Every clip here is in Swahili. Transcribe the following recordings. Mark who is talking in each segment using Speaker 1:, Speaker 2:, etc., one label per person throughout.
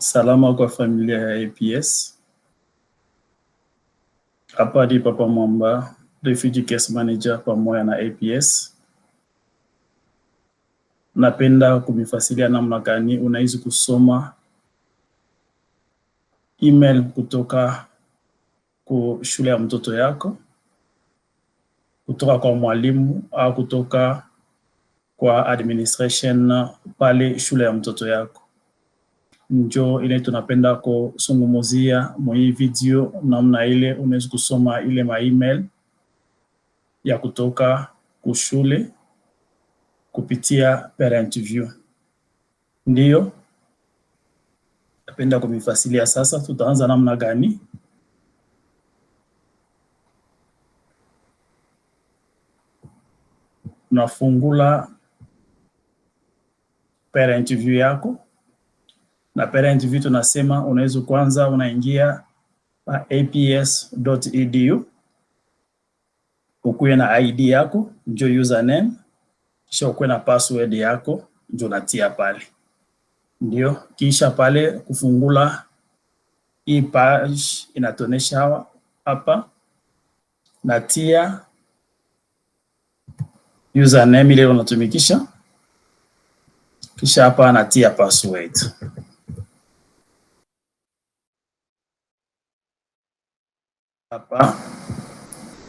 Speaker 1: Salama kwa familia ya APS. Hapa ni Papa Mwamba, refugee case manager pamoja na APS. Napenda kumifasilia namna gani unaweza kusoma email kutoka ku shule ya mtoto yako, kutoka kwa mwalimu au kutoka kwa administration pale shule ya mtoto yako njo ile tunapenda kusungumuzia mwii video, namna ile unaweza kusoma ile ma email ya kutoka kushule kupitia parent view. Ndiyo napenda kumifasilia sasa. Tutaanza namna gani? Unafungula parent view yako na parent view tunasema unaweza kwanza unaingia aps.edu ukuwe na ID yako njo username, kisha ukuwe na password yako ndio unatia pale, ndio kisha pale kufungula hii page inatonesha hawa hapa, natia username ile unatumikisha, kisha hapa natia password. Hapa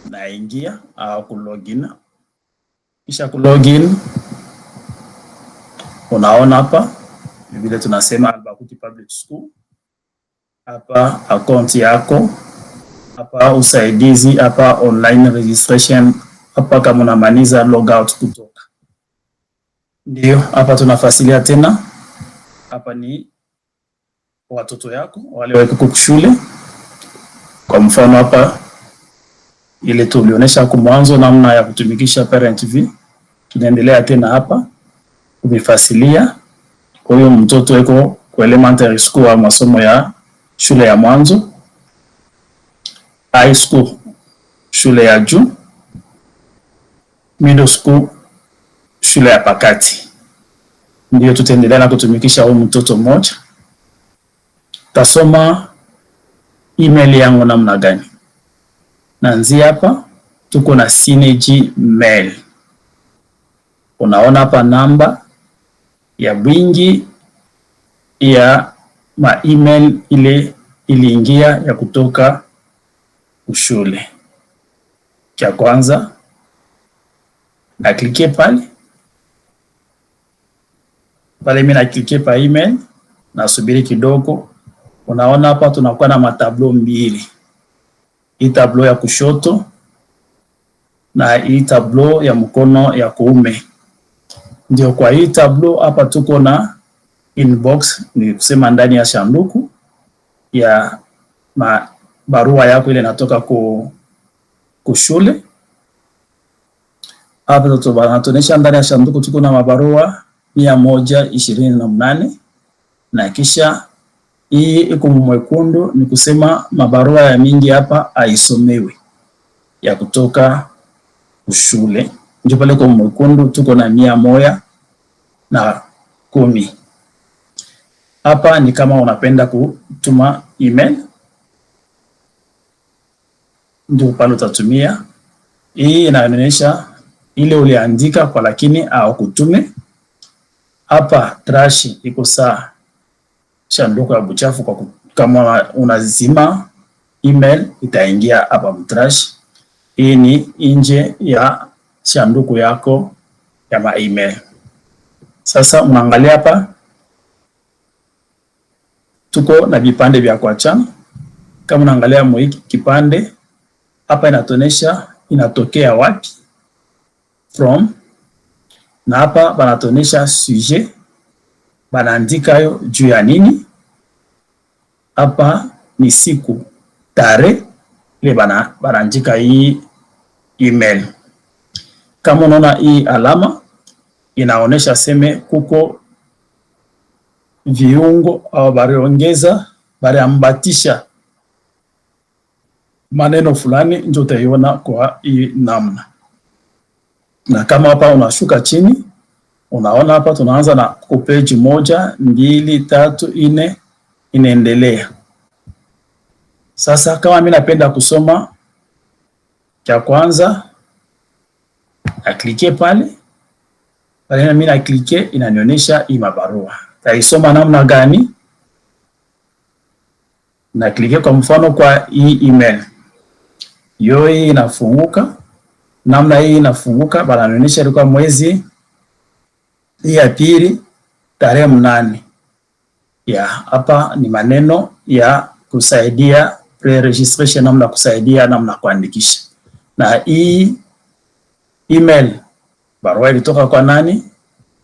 Speaker 1: naingia au kulogin. Kisha kulogin, unaona hapa vile tunasema Albakuti Public School. Hapa akaunti yako, hapa usaidizi, hapa online registration, hapa kama unamaliza out kutoka. Ndio hapa tunafasilia tena, hapa ni watoto yako wale wako shule mfano hapa ile tulionyesha hapo mwanzo, namna ya kutumikisha parent v. Tunaendelea tena hapa kuvifasilia. Kwa hiyo mtoto yuko kwa elementary school au masomo ya shule ya mwanzo, high school shule ya juu, middle school shule ya pakati, ndio tutaendelea na kutumikisha huyu mtoto mmoja tasoma email yangu namna gani? Naanzia hapa, tuko na Synergy Mail. Unaona hapa namba ya wingi ya ma email ile iliingia ya kutoka ushule. Cha kwanza na klikie pale pale, mimi na klikie pa email, nasubiri kidogo Unaona hapa tunakuwa na matablo mbili, hii tablo ya kushoto na hii tablo ya mkono ya kuume. Ndio kwa hii tablo hapa tuko na inbox, ni kusema ndani ya sanduku ya ma barua yako ile inatoka ku kushule. Hapa tunatuonyesha ndani ya sanduku tuko na mabarua mia moja ishirini na mnane na kisha hii iko mwekundu, ni kusema mabarua ya mingi hapa aisomewi ya kutoka shule. Ndio pale kwa mwekundu tuko na mia moya na kumi. Hapa ni kama unapenda kutuma email, ndio pale utatumia hii. Inaonyesha ile uliandika kwa lakini au kutume hapa trashi iko saa sanduku la buchafu kwa kama unazima email itaingia hapa mtrash. Hii ni nje ya sanduku yako ya ma email. Sasa unaangalia hapa, tuko na vipande vya kuacha. Kama unaangalia mwiki kipande hapa, inatonesha inatokea wapi from, na hapa panatonesha sujet banaandika yo juu ya nini? Hapa ni siku tare ile bana banaandika hii email. Kama unaona hii alama inaonesha seme kuko viungo au bariongeza bariambatisha maneno fulani, ndio utaiona kwa hii namna. Na kama hapa unashuka chini Unaona hapa tunaanza na kupeji moja, mbili, tatu, nne, inaendelea. Sasa kama mimi napenda kusoma cha kwanza, naklike pale pale, na mimi naklike, inanionyesha hii mabarua taisoma namna gani. Naklike kwa mfano kwa hii email yoi hii inafunguka namna hii, inafunguka bananionyesha ilikuwa mwezi hii ya pili tarehe mnane. Ya hapa ni maneno ya kusaidia pre registration, namna kusaidia namna kuandikisha. Na hii email barua ilitoka kwa nani?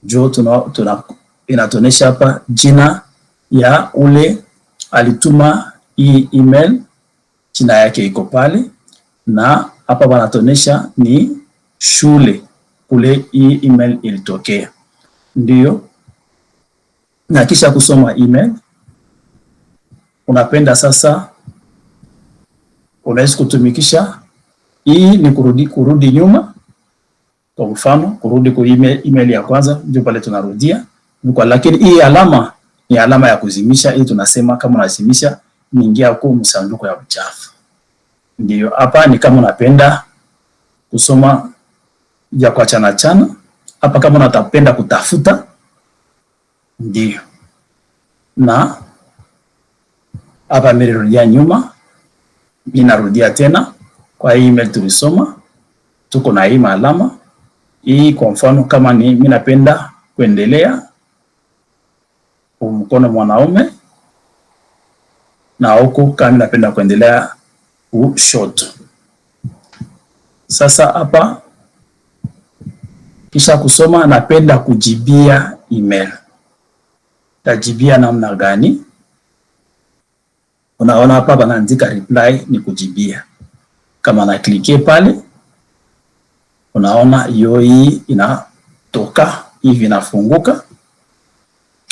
Speaker 1: Jo, tuna, tuna inatuonyesha hapa jina ya ule alituma hii email, jina yake iko pale, na hapa wanatuonyesha ni shule kule hii email ilitokea ndio, na kisha kusoma email. Unapenda sasa, unaweza kutumikisha hii ni kurudi, kurudi nyuma. Kwa mfano kurudi kwa email, email ya kwanza ndio pale tunarudia kwa, lakini hii alama ni alama ya kuzimisha. Hii tunasema kama unazimisha, niingia kwa msanduku ya uchafu. Ndio hapa ni kama unapenda kusoma ya kwa chana chana hapa kama unatapenda kutafuta ndio, na hapa nilirudia nyuma, ninarudia tena kwa hii email tulisoma, tuko na hii maalama hii. Kwa mfano kama ni mimi napenda kuendelea mkono mwanaume na huku kama napenda kuendelea short Sasa hapa kisha kusoma, napenda kujibia email. Tajibia namna gani? Unaona hapa panaandika reply, ni kujibia. Kama naklike pale, unaona hiyo hii inatoka hivi, inafunguka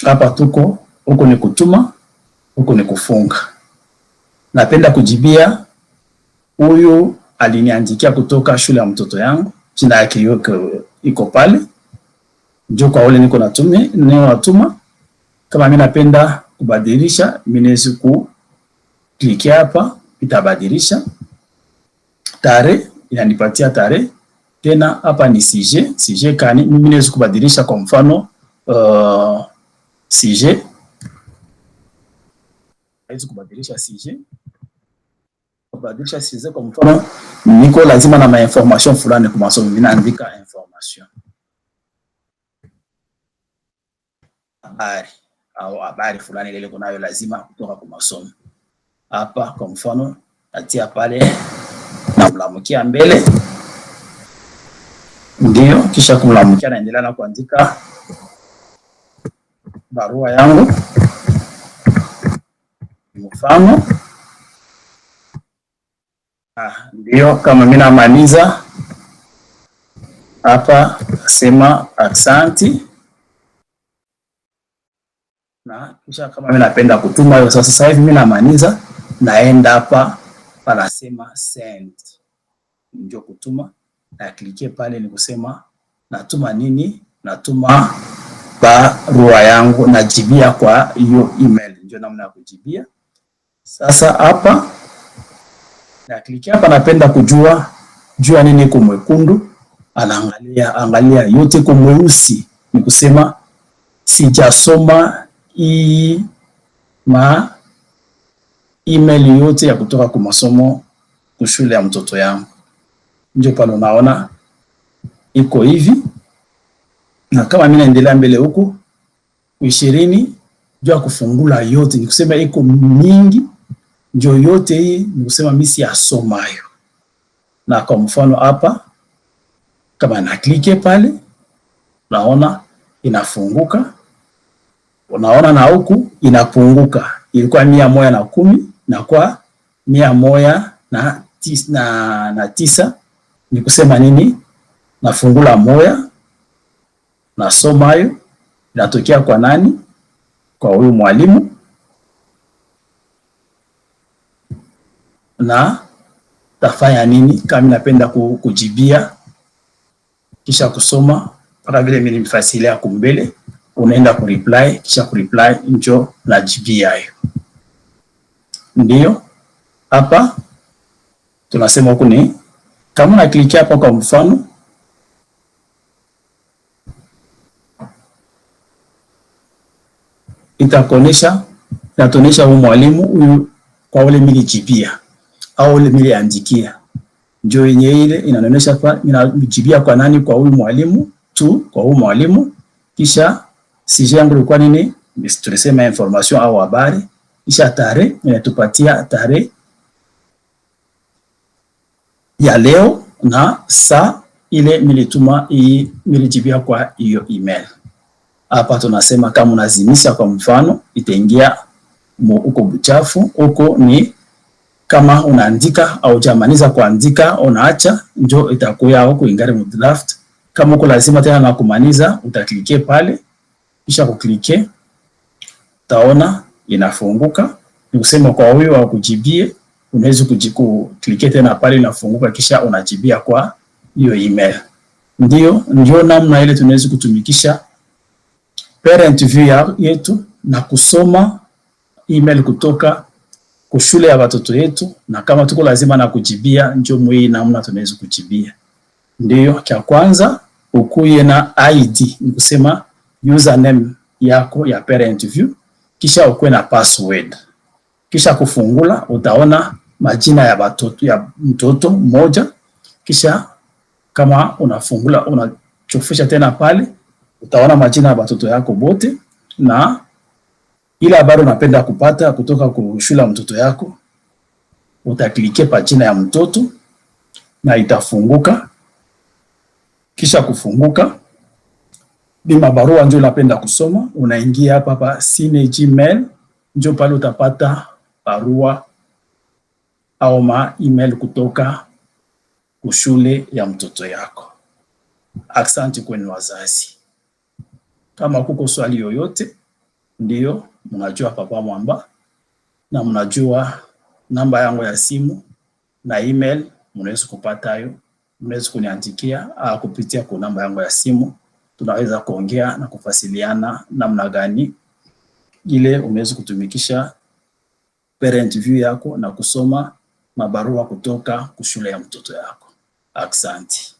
Speaker 1: hapa. Tuko huku ni kutuma, huku ni kufunga. Napenda kujibia huyu aliniandikia kutoka shule ya mtoto yangu, jina yake iko pale juu kwa wale niko natume niko natuma. Kama mimi napenda kubadilisha, mimi naweza ku click hapa, itabadilisha tare inanipatia tare tena. Hapa ni CJ, CJ kani, mimi naweza kubadilisha kwa mfano uh, sije naweza kubadilisha CJ kubadilisha CJ kwa mfano niko lazima na ma information fulani kwa masomo, mimi naandika información. habari au habari fulani ile iko nayo lazima kutoka kwa masomo. Hapa kwa mfano natia pale na mlamkia mbele, ndio kisha kumlamkia, naendelea na kuandika barua yangu mfano. Ah, ndio kama mimi namaliza hapa sema aksanti na kisha kama mimi napenda kutuma hiyo. Sasa hivi mimi namaniza naenda hapa panasema send, ndio kutuma, na klikie pale ni kusema natuma nini? Natuma barua yangu, najibia kwa hiyo email. Ndio namna ya kujibia. Sasa hapa na klikia hapa, napenda kujua jua nini kumwekundu anaangalia angalia yote kwa mweusi, ni kusema sijasoma hii ma email yote ya kutoka kwa masomo kwa shule ya mtoto yangu. Ndio pale unaona iko hivi, na kama mimi naendelea mbele huku ishirini juu ya kufungula yote, ni kusema iko mingi. Ndio yote hii ni kusema mimi siyasomayo, na kwa mfano hapa kama na klike pale, unaona inafunguka, unaona na huku inapunguka, ilikuwa mia moja na kumi na kwa mia moja na, tis, na, na tisa. Ni kusema nini? Nafungula moya nasoma hayo, inatokea kwa nani? Kwa huyu mwalimu na tafanya nini? Kama napenda kujibia kisha kusoma mpaka vile mimi nimefasilia kumbele mbele, unaenda kureply, kisha kureply njo na GBI. Ndio hapa tunasema huku ni kama na click hapa, kwa mfano itakuonesha inatuonesha huyu mwalimu huyu kwa ule milijibia au ule miliandikia ndio yenye ile inanionyesha kwa inajibia kwa nani? Kwa huyu mwalimu tu, kwa huyu mwalimu. Kisha sije yangu ilikuwa nini? Tulisema information au habari. Kisha tarehe inatupatia tarehe ya leo na saa ile nilituma hii, nilijibia kwa hiyo email. Hapa tunasema kama unazimisha, kwa mfano itaingia huko Buchafu, huko ni kama unaandika au jamaniza kuandika unaacha njo itakuya huku ingari mu draft. Kama uko lazima tena na kumaniza utaklike pale, kisha kuklike taona inafunguka. Ni kusema kwa huyo wa kujibie, unaweza kujiku klikie tena pale inafunguka, kisha unajibia kwa hiyo email. Ndio ndio namna ile tunaweza kutumikisha parent view yetu na kusoma email kutoka kushule ya watoto yetu, na kama tuko lazima na kujibia, njo mwii namna tunaweza kujibia. Ndiyo cha kwanza ukuye na ID, ni kusema username yako ya parent view, kisha ukuwe na password, kisha kufungula utaona majina ya watoto ya mtoto mmoja, kisha kama unafungula unachofisha tena pale utaona majina ya watoto yako bote na ile habari unapenda kupata kutoka kushula ya mtoto yako, utaklikia pa jina ya mtoto na itafunguka. Kisha kufunguka, ni mabarua njo unapenda kusoma, unaingia hapa hapa sine Gmail, ndio pale utapata barua au ma email kutoka kushule ya mtoto yako. Aksanti kwenu wazazi. Kama kuko swali yoyote ndio mnajua Papa Mwamba na mnajua namba yangu ya simu na email, mnaweza kupata hayo, mnaweza kuniandikia au ah, kupitia kwa namba yangu ya simu, tunaweza kuongea na kufasiliana namna gani ile umeweza kutumikisha parent view yako na kusoma mabarua kutoka kushule ya mtoto yako. Aksanti.